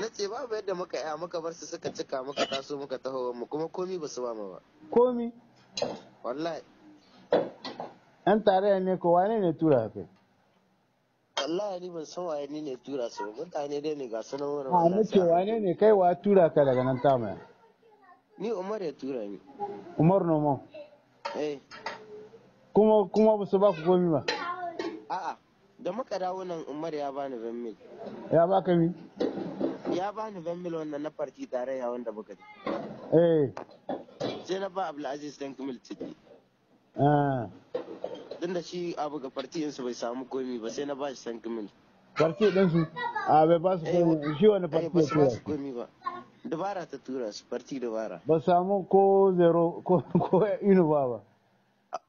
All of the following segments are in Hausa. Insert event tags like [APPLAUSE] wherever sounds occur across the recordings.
na ce babu yadda muka ya muka bar su suka cika muka taso muka taho mu kuma komi ba su ba mu ba komi wallahi An tare ne ko wane ne tura kai wallahi ni ban san waye ne tura su ba mutane dai ne ga sanan wurin a ce wane ne kai wa tura ka daga nan ta mai ni umar ya tura ni umar noma? eh kuma kuma ba su ba ku komi ba a'a da muka dawo nan umar ya bani ban mil ya baka mi ya bani ban mil wannan na tare ya wanda muka ji. eh sai na ba abdulaziz dan mil ciki ah. tun da shi abu ga farti su bai samu komi ba sai na ba shi san mil Farki din su a ah, bai ba su komi shi wani farti eh, ya tura su komi ba dubara ta tura su farki dubara ba samu ko zero ko ko inu ba ba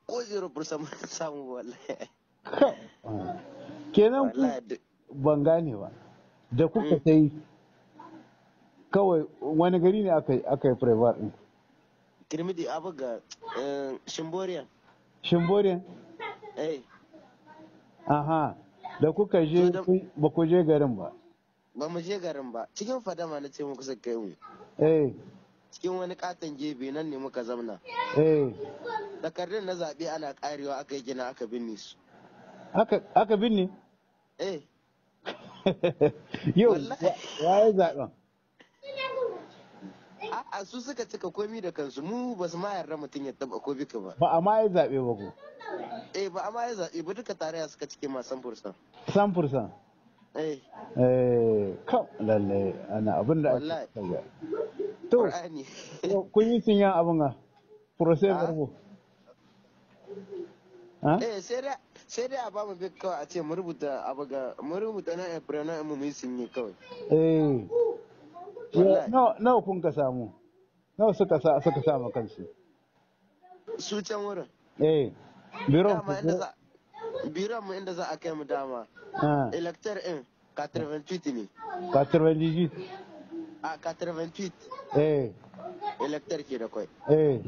ko zero ba samu wallahi kenan ban gane ba da kuka sai mm. kawai wani gari ne aka yi prevar din kirmidi abu ga eh, shimboriya shimboriya eh aha da kuka je ba ku je garin ba ba mu je garin ba cikin fadama na ce mu kusa kai mu eh cikin wani katon jebe nan ne muka zamna eh takardun na zaɓe ana karewa aka yi gina aka binne su aka binne eh [LAUGHS] yau yi zaɓen A'a su suka cika komi da kansu mu ba su ma yarda mutum ya taba ko bika ba. Ba a ma ya zaɓe ba ko. Eh ba a ma ya zaɓe ba duka tarayya suka cike ma san fursan. San fursan. Eh. Eh kam lalle ana abin da ake To kun yi sun yan abin a furosai ko Eh sai da sai dai a ba mu kawai a ce mu rubuta abu ga mu rubuta na ebra na mu yi sun yi kawai. Eh. nawa kun ka samu nawa suka sa suka sa kansu su can wurin eh biro biro mu inda za a kai mu dama elector in 88 ne 88 a 88 eh elector ke da kai eh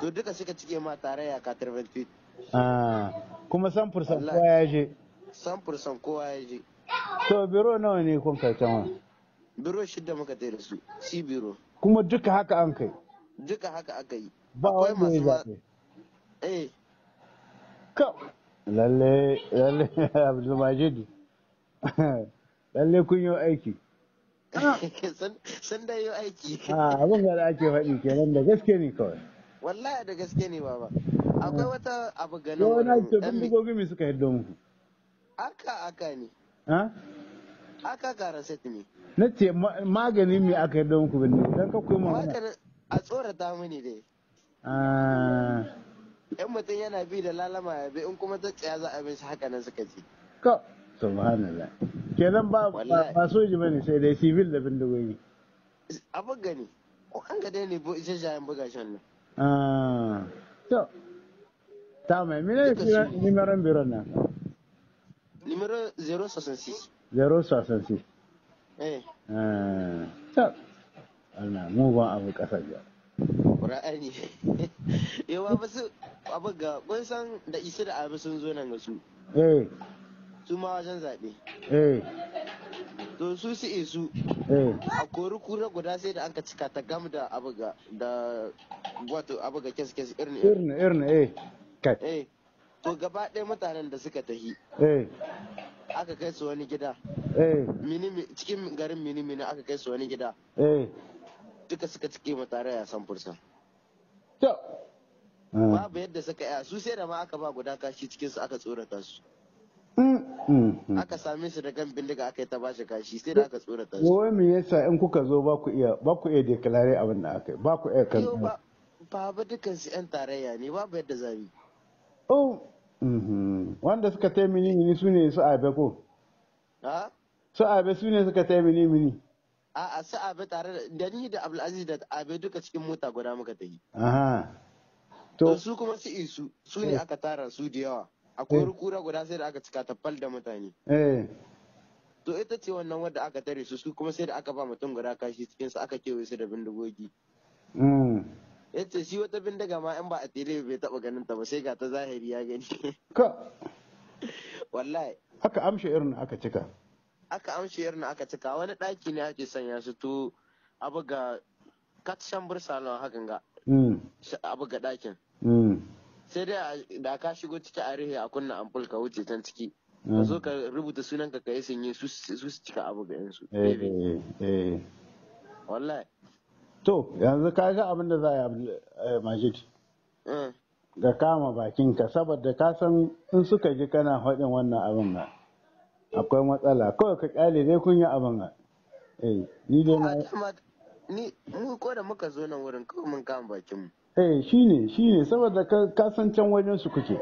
to duka suka cike ma tarayya 88 ah kuma samfur san kowa ya je samfur san kowa ya je to biro nawa ne kun kai can biro shidda muka tsaye da su si biro kuma duka haka an kai duka haka aka yi ba wai masu ba eh ka lalle lalle [LAUGHS] abdul majid [LAUGHS] lalle kun yi aiki ah. [LAUGHS] san da yi aiki ah, abin da ake faɗi kenan da gaske ne kawai wallahi da gaske ne baba ah. akwai wata abu ganin wani ɗan mai suka yi domin aka aka ne aka gara set ne na ce magani mai aka yi don ku bane, don ka kuma wani a tsora ta mini dai yan ah. mutum yana bi da lalama ya bi in kuma ta tsaya za a bin haka nan suka ce ka subhanallah kenan ba ba soji bane sai dai civil da bindigogi a buga ne ko an ga dai ne bu ishe jayen buga shan nan ah. to ta mai mina ne kiran nimeron biron nan Nimeron 066 zero sasansi eh. Eh, ta ana mugun abu ƙasar ya ra'ani [LAUGHS] yawa ba su abu ga kun san da isu da abu sun zo nan ga su eh. su ma wajen zaɓe to su su isu a kori kura guda sai da an ka cika ta gam da abu ga da wato abu ga kes kes irin irin irin eh kai to gaba ɗaya mutanen da suka tahi aka kai su wani gida eh. cikin garin mini mini aka kai su wani gida eh. duka suka cike ma tare ya san fursa babu eh. yadda suka yi su sai da ma aka ba guda kashi cikin su aka tsorata su mm, mm, mm. aka same su da gan bindiga aka yi ta bashi kashi sai da aka tsorata su wai me yasa in kuka zo ba ku iya ba ku iya declare abin da aka yi ba ku iya kan ba ba yan tarayya ne babu yadda zabi oh Mhm. wanda suka taya mini mini su ne su abe ko su abe su ne suka taya mini mini a'a su abe tare da ni da abdulaziz da abe duka cikin mota guda muka ta yi to su kuma su isu su ne eh. aka tara su da yawa akwai rukura eh. guda sai da aka cika tafal da mutane eh. to ita ce wannan wadda aka tare su su kuma sai da aka ba mutum guda kashi cikin su aka kewaye su da bindigogi mm. yace shi wata bindiga ma in ba a tele bai taba ganin ta ba sai ga ta zahiri ya gani ka [LAUGHS] wallahi aka amshe irin aka cika aka amshe irin aka cika wani daki ne ake sanya su to abu ga katshan bursalon hakan ga hmm. abu ga dakin hmm. sai dai da ka shigo ciki a rihe a kunna ampul ka wuce can ciki ka hmm. zo ka rubuta sunan ka kai sun yi su cika abu ga yansu eh, eh, eh. wallahi to yanzu ka ga abin da za a yi eh, majid ga mm. kama bakinka saboda ka san in suka ji kana faɗin wannan abin ga akwai matsala kawai ka ƙyale zai kun yi abin ga eh ni dai na ni mu ko da muka zo nan wurin kawai mun kama bakin mu eh shine shine saboda ka san can wajen su kuke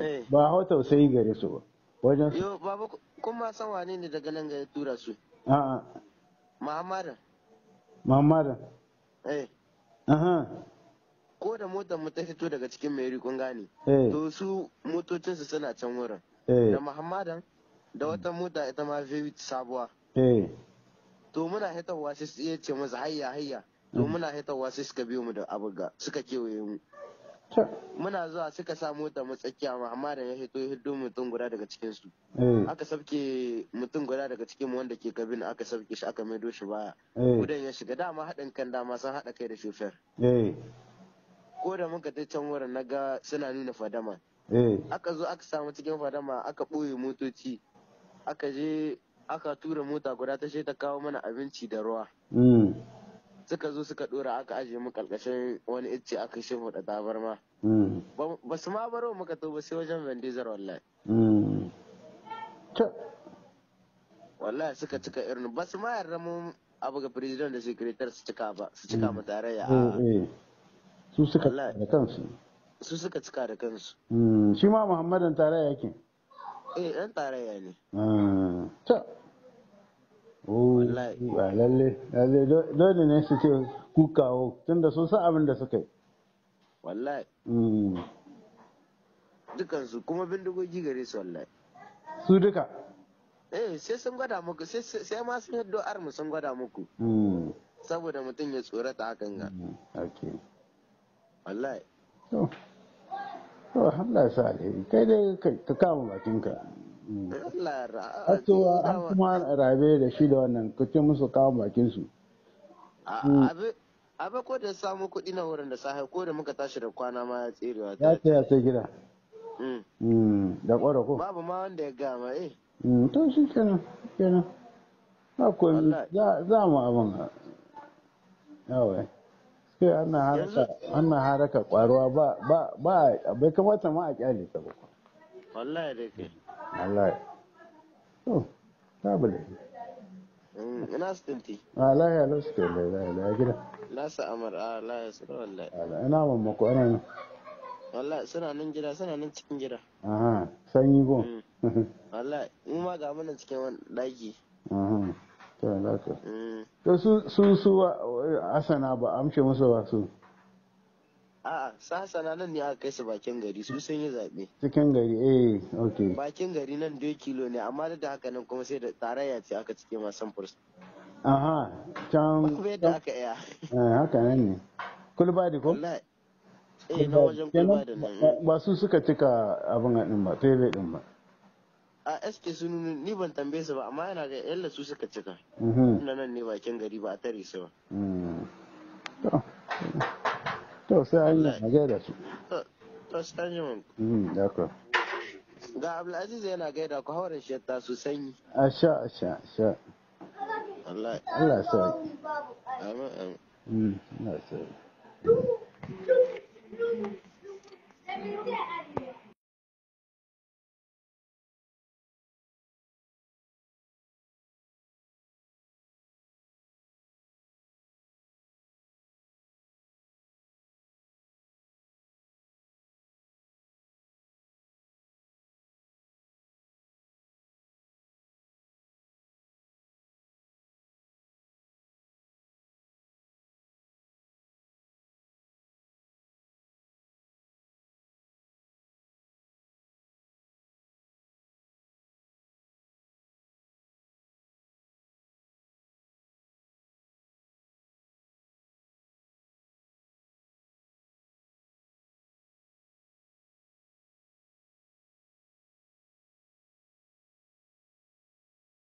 eh. ba hau tausayi gare su ba wajen su yo baba kuma san wane ne daga nan ga tura su a'a Muhammadu Eh. Ko da motar mu ta fito daga cikin Mairi kun gane. Eh. To su motocinsu suna can wurin. Eh. Da Muhammadan da wata mota ita ma Vivit sabuwa. Eh. To muna hitarwa sai ya ce masa hayya hayya. To muna hitarwa sai suka biyo mu da abuga suka kewaye mu. muna zuwa suka sa mota mu tsakiya amma da ya hito hiddo mutum guda daga cikin su eh. aka sabke mutum guda daga cikin wanda ke kabin aka sabke shi aka maido shi baya eh. gudan ya shiga dama haɗin kan dama sun haɗa kai da shofar eh. ko da muka ta can wurin na ga suna nuna fadama aka zo aka samu cikin fadama aka ɓoye motoci aka je aka tura mota guda ta ta kawo mana abinci da ruwa hmm. suka zo suka dora aka ajiye mu karkashin wani icce aka shi da tabarma mm. ba su ma baro muka to ba sai wajen vendizar wallahi mm. wallahi suka cika irin ba su ma yarda mu abu ga president da secretary su cika ba su cika mm. mu tarayya eh, eh. su suka da kansu su suka cika da kansu shi ma muhammadan tarayya yake eh dan tarayya ne ba lalle lalle dole ne su ce ku kawo tunda sun san abin da suka yi wallahi mm. dukansu kuma bindigogi gare su wallahi su duka eh sai sun gwada muku sai ma sun yaddo armu sun gwada muku mm. saboda mutum ya tsorata hakan ga mm, wallahi to Allah ya sa alheri kai dai kai ka kama bakinka an kuma rabe da shi da wannan kace musu kawo bakin su abin hmm. ko da samu kuɗi na wurin da sahi ko da muka tashi da kwana ma ya tserewa ya ce ya sai gida hmm. Hmm, da ƙwaro ko babu ma wanda ya gama eh to shi kenan kenan ba ko za mu abin yawai sai ana haraka ana haraka ƙwaruwa ba ba ba bai kamata ma a kyale ta ba wallahi dai kai wallahi to babu da mm, ina su dinti a lahiya na su ke lai lai lai gida na su amar a lahiya su wallahi ina mamako ana nan wallahi suna nan gida suna nan cikin gida aha sanyi ko mm. wallahi mu ma ga mana cikin wani ɗaki. aha to mm. su su su asana ba amce musu ba su a sasana nan ne aka kai su bakin gari su sun yi zaɓe. cikin gari eh ok bakin gari nan dai kilo ne amma da haka nan kuma sai da tarayya ce aka cike ma samfur aha can babu yadda aka iya eh, haka nan ne kulbadi ko eh na wajen kulbadi nan eh. ba su suka cika abin din ba feve ɗin ba a sk sun ni ban tambaye su ba amma yana ga yalla su suka cika mhm. nan ne bakin gari ba a tare su ba mm. to sai an yi a gaida su to sai an yi mun d'accord mm-hmm, ga abdulaziz yana gaida ku hawar shi ta su sanyi a sha a sha a sha Allah Allah sai amin amin mm, Allah sai